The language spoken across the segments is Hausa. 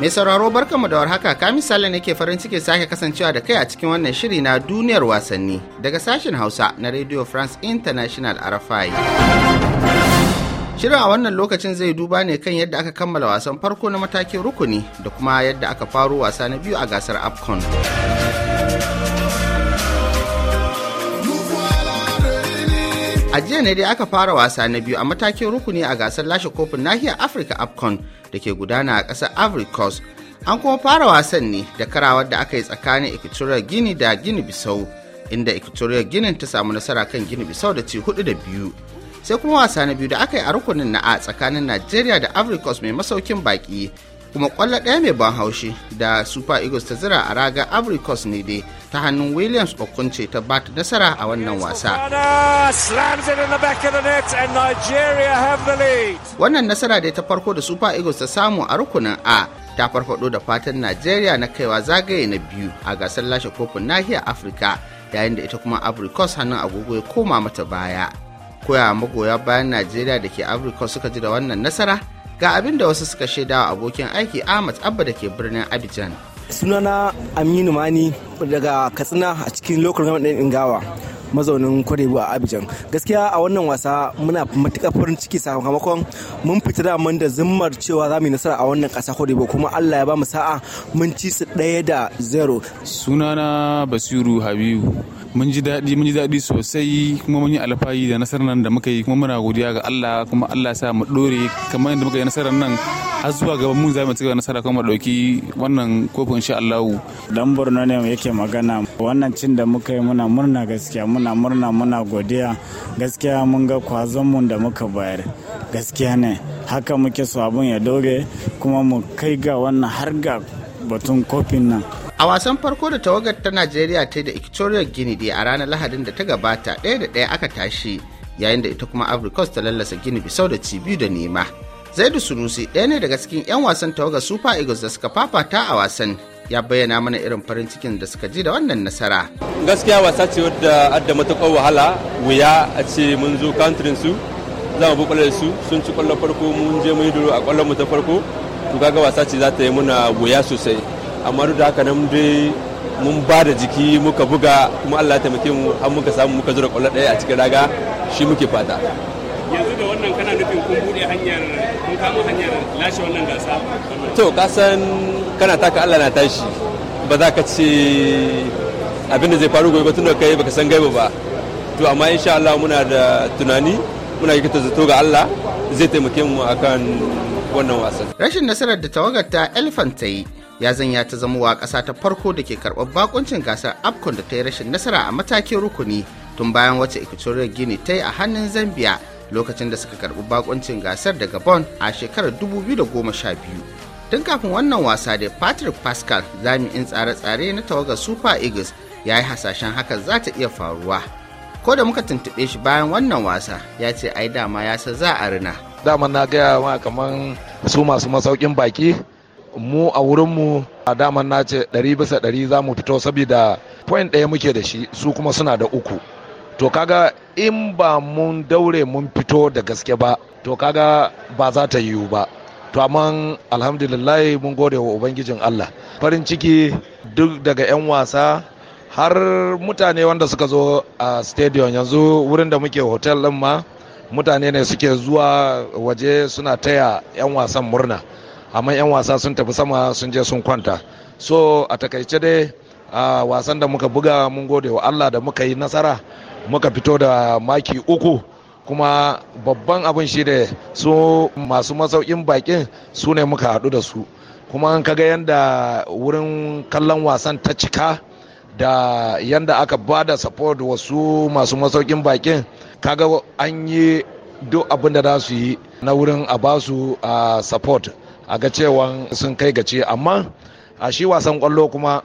Mai sauraro barkanmu da warhaka ka misali ke farin ciki sake kasancewa da kai a cikin wannan shiri na duniyar wasanni daga sashen Hausa na Radio France International RFI. Shirin a wannan lokacin zai duba ne kan yadda aka kammala wasan farko na matakin rukuni da kuma yadda aka faro wasa na biyu a gasar AFCON. a jiya ne dai aka fara wasa na biyu a matakin rukuni a gasar lashe kofin nahiyar afirka afcon da ke gudana a ƙasar ivory coast an kuma fara wasan ne da karawar da aka yi tsakanin equatorial guinea da guinea bissau inda equatorial guinea ta samu nasara kan guinea bissau da ci hudu da biyu sai kuma wasa na biyu da aka yi a rukunin na a tsakanin Nigeria da ivory coast mai masaukin baki kuma kwallo ɗaya mai ban haushi da super eagles ta zira a raga abricus ne dai ta hannun williams okunce ta ba ta nasara a wannan wasa wannan nasara dai ta farko da super eagles ta samu a rukunin a ta farfado da fatan najeriya na kaiwa zagaye na biyu a gasar lashe kofin nahiyar afirka yayin da ita kuma abricos hannun agogo ya koma mata baya koya magoya bayan najeriya da ke abricus suka ji da wannan nasara ga abin da wasu suka shaida abokin aiki ahmad abba da ke birnin abidjan sunana aminu mani daga katsina a cikin lokacin gama ɗin ingawa mazaunin kwarebu a abidjan gaskiya a wannan wasa muna matuƙar farin ciki sakamakon mun fita da da zimmar cewa za mu yi nasara a wannan ƙasa kwarebu kuma allah ya ba mu sa'a mun ci su ɗaya da zero sunana basiru habibu mun ji daɗi mun ji daɗi sosai kuma mun yi alfahari da nasarar nan da muka yi kuma muna godiya ga Allah kuma Allah sa mu dore kamar yadda muka yi nasarar nan har zuwa gaban mun za mu ci gaba nasara kuma dauki wannan kofin insha Allah dan Borno ne yake magana wannan cin da muka yi muna murna gaskiya muna murna muna godiya gaskiya mun ga kwazon mu da muka bayar gaskiya ne haka muke so abun ya dore kuma mu kai ga wannan har ga batun kofin nan a wasan farko da tawagar ta najeriya ta da equatorial guinea a ranar lahadin da ta gabata ɗaya da ɗaya aka tashi yayin da ita kuma Coast ta lallasa guinea bisau da ci biyu da nema zaidu sunusi ɗaya ne daga cikin 'yan wasan tawagar super eagles da suka fafata a wasan ya bayyana mana irin farin cikin da suka ji da wannan nasara gaskiya wasa ce wadda adda matuƙar wahala wuya a ce mun zo kantirin su za mu da su sun ci kwallon farko mun je mun yi duro a kwallon mu ta farko to kaga wasa ce za ta yi muna wuya sosai amma duk da haka nan dai mun ba da jiki muka buga kuma Allah ya taimake mu har muka samu muka zura kwallo ɗaya a cikin raga shi muke fata yanzu da wannan kana nufin kun bude hanyar kun kama hanyar lashe wannan gasa to ka san kana taka Allah na tashi ba za ka ce abin da zai faru gobe ba tun da kai baka san gaiba ba to amma insha Allah muna da tunani muna yi zato ga Allah zai taimake mu akan wannan wasan rashin nasarar da tawagar ta elephant ta yi ya zanya ta wa ƙasa ta farko da ke karɓar bakuncin gasar afcon da ta yi rashin nasara a matakin rukuni tun bayan wacce equatorial guinea ta yi a hannun zambia lokacin da suka karɓi bakuncin gasar daga bon a shekarar 2012 tun kafin wannan wasa da patrick pascal jami'in tsare-tsare na tawagar super eagles ya yi hasashen haka za ta iya faruwa ko da muka tuntube shi bayan wannan wasa ya ce ai dama ya sa za a rina dama na gaya ma kamar su masu masaukin baki mu a wurinmu a daman na ce ɗari bisa za mu fito saboda point ɗaya muke da shi su kuma suna da uku to kaga in ba mun daure mun fito da gaske ba to kaga ba za ta yiwu ba to amma alhamdulillah mun gode wa ubangijin allah farin ciki duk daga 'yan wasa har mutane wanda suka zo a stadium yanzu wurin da muke hotel din ma mutane ne suke zuwa waje suna taya 'yan wasan murna amma 'yan wasa sun tafi sama sun je sun kwanta so a takaice dai a wasan da muka buga mun gode wa allah da muka yi nasara muka fito da maki uku kuma babban abin shi da su masu masaukin bakin su ne muka haɗu da su kuma an kaga yadda wurin kallon wasan ta cika da yadda aka ba da support wasu masu masaukin bakin kaga an yi duk abin da za su yi na wurin a basu a support a ga cewa sun kai gaci amma a shi wasan kwallo kuma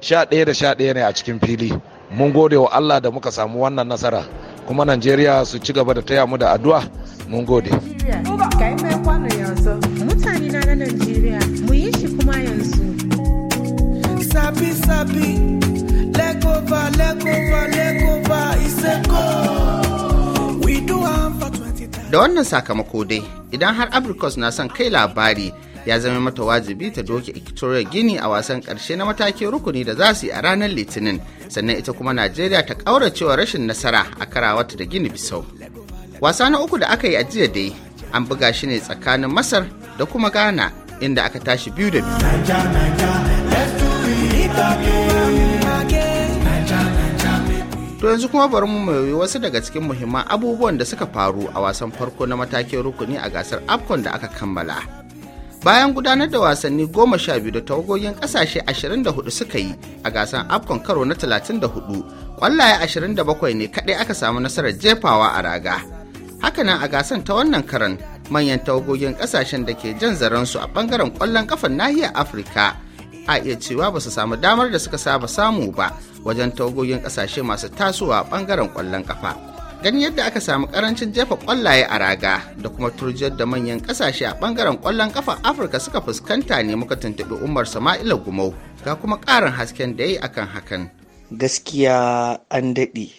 sha ɗaya da sha ɗaya ne a cikin fili mun gode wa allah da muka samu wannan nasara kuma najeriya su ci gaba da taya mu da addu'a mun gode na da wannan sakamako dai idan har Abrikos na son kai labari ya zama mata wajibi ta doke equatorial guinea a wasan karshe na matakin rukuni da za su yi a ranar litinin sannan ita kuma najeriya ta ƙauracewa rashin nasara a karawata da gini bisau wasa na uku da aka yi a jiya dai an buga shi ne tsakanin masar da kuma ghana inda aka tashi biyu da biyu To yanzu kuma bari mu mai wasu daga cikin muhimman abubuwan da suka faru a wasan farko na matakin rukuni a gasar AFCON da aka kammala. bayan gudanar da wasanni goma sha biyu da tawagogin kasashe 24 suka yi a gasar afcon karo na 34 kwallaye 27 ne kadai aka samu nasarar jefawa a raga hakanan a gasar ta wannan karan manyan tawagogin kasashen da ke jan zaransu a bangaren kwallon kafan nahiyar afirka a iya cewa ba su samu damar da suka saba samu ba wajen tawagogin kasashe masu tasowa a bangaren kwallon kafa gani yadda aka samu karancin jefa kwallaye a raga da kuma turjiyar da manyan kasashe a bangaren kwallon kafa afirka suka fuskanta ne muka tuntuɓi umar sama'ila gumau ga kuma ƙarin hasken da ya yi akan hakan gaskiya an daɗe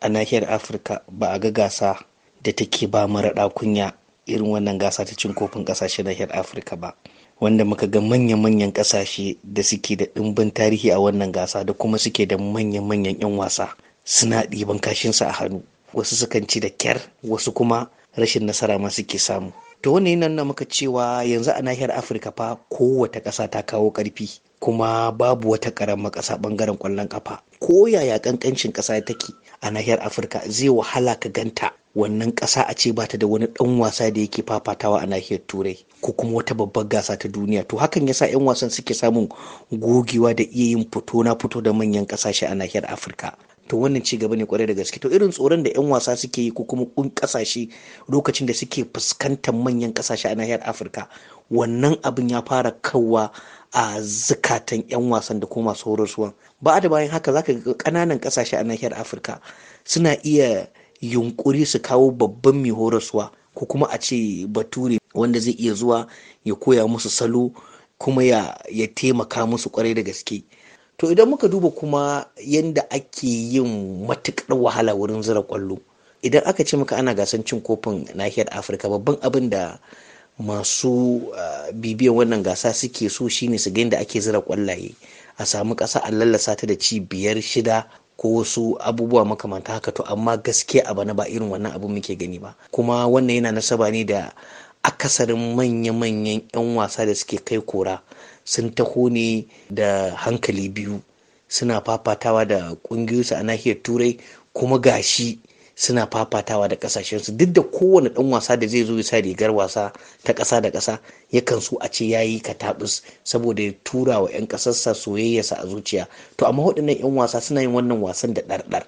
a nahiyar afirka ba a ga gasa da take ba maraɗa kunya irin wannan gasa ta cin kofin ƙasashe nahiyar afirka ba wanda muka ga manya-manyan kasashe da suke da ɗimbin tarihi a wannan gasa da kuma suke da manya-manyan 'yan wasa suna ɗiban kashinsa a hannu wasu sukan ci da kyar wasu kuma rashin nasara ma suke samu to wannan yana nuna maka cewa yanzu a nahiyar afirka fa kowata ƙasa ta kawo ƙarfi kuma babu wata ƙaramar ƙasa ɓangaren ƙwallon ƙafa ko yaya ƙanƙancin ƙasa take a nahiyar afirka zai wahala ka ganta wannan ƙasa a ce bata da wani ɗan wasa da yake fafatawa a nahiyar turai ko kuma wata babbar gasa ta duniya to hakan yasa 'yan wasan suke samun gogewa da iya yin fito na fito da manyan ƙasashe a nahiyar afirka to wannan ci gaba ne kwarai da gaske to irin tsoron da 'yan wasa suke yi ko kuma kun kasashe lokacin da suke fuskantar manyan kasashe a nahiyar afirka wannan abin ya fara kawwa a zukatan 'yan wasan da kuma masu horaswan ba da bayan haka zaka ga kananan kasashe a nahiyar afirka suna iya yunkuri su kawo babban mai horaswa ko kuma a ce bature wanda zai iya zuwa ya koya musu salo kuma ya taimaka musu kwarai da gaske to idan muka duba kuma yadda ake yin matuƙar wahala wurin zira kwallo idan aka ce maka ana gasan cin kofin nahiyar afirka babban abin da masu ah, bibiyan wannan gasa suke so shine su ga yadda ake zira kwallaye a samu ƙasa a lallasa ta da ci biyar shida ko wasu abubuwa makamanta haka to amma gaskiya a bana ba irin wannan abu muke gani ba kuma wannan yana nasaba ne da akasarin manya-manyan 'yan wasa da suke kai kora sun taho ne da hankali biyu suna fafatawa da kungiyarsu a nahiyar turai kuma gashi suna fafatawa da kasashensu duk da kowane dan wasa da zai zo ya sa rigar wasa ta kasa da ƙasa yakan so a ce yayi katabus saboda ya tura wa 'yan ƙasarsa sa a zuciya to amma waɗannan 'yan wasa suna yin wannan wasan da ɗarɗar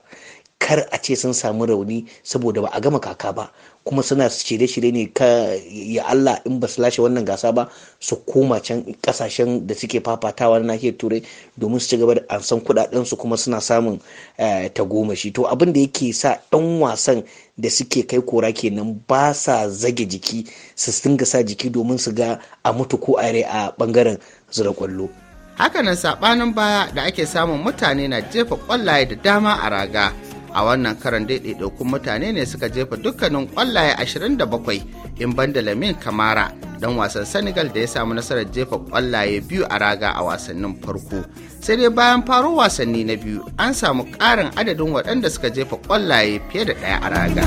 kar a ce sun samu rauni saboda ba a gama kaka ba kuma suna shirye-shirye ne ka ya Allah in ba su lashe wannan gasa ba su koma can kasashen da suke fafatawa na nahiyar turai domin su ci gaba da ansan kudaden su kuma suna samun eh, tagomashi to abin da yake sa dan wasan da suke kai kora kenan ba sa zage jiki su dinga sa jiki domin su ga a mutu ko a are a bangaren zura kwallo hakanan sabanin baya da ake samun mutane na jefa kwallaye da dama a raga a wannan karan daidai mutane ne suka jefa dukkanin ƙwallaye 27 in banda lamin kamara don wasan senegal da ya samu nasarar jefa kwallaye biyu a raga a wasannin farko sai dai bayan faro wasanni na biyu an samu ƙarin adadin waɗanda suka jefa kwallaye fiye da ɗaya a raga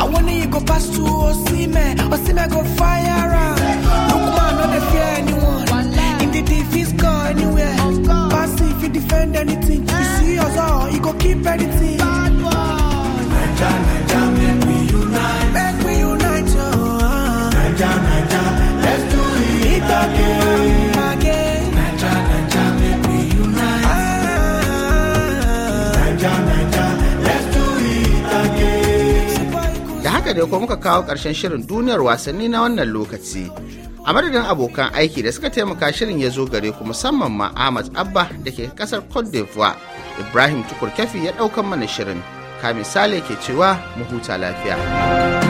I wanna go past to Osime, Osime go da kuma muka kawo ƙarshen shirin duniyar wasanni na wannan lokaci. A madadin abokan aiki da suka taimaka shirin ya zo gare ku musamman ma Ahmad Abba da ke kasar Cote d'Ivoire, Ibrahim Tukur Kafi ya ɗaukan mana shirin. kamisale ke cewa mu huta lafiya.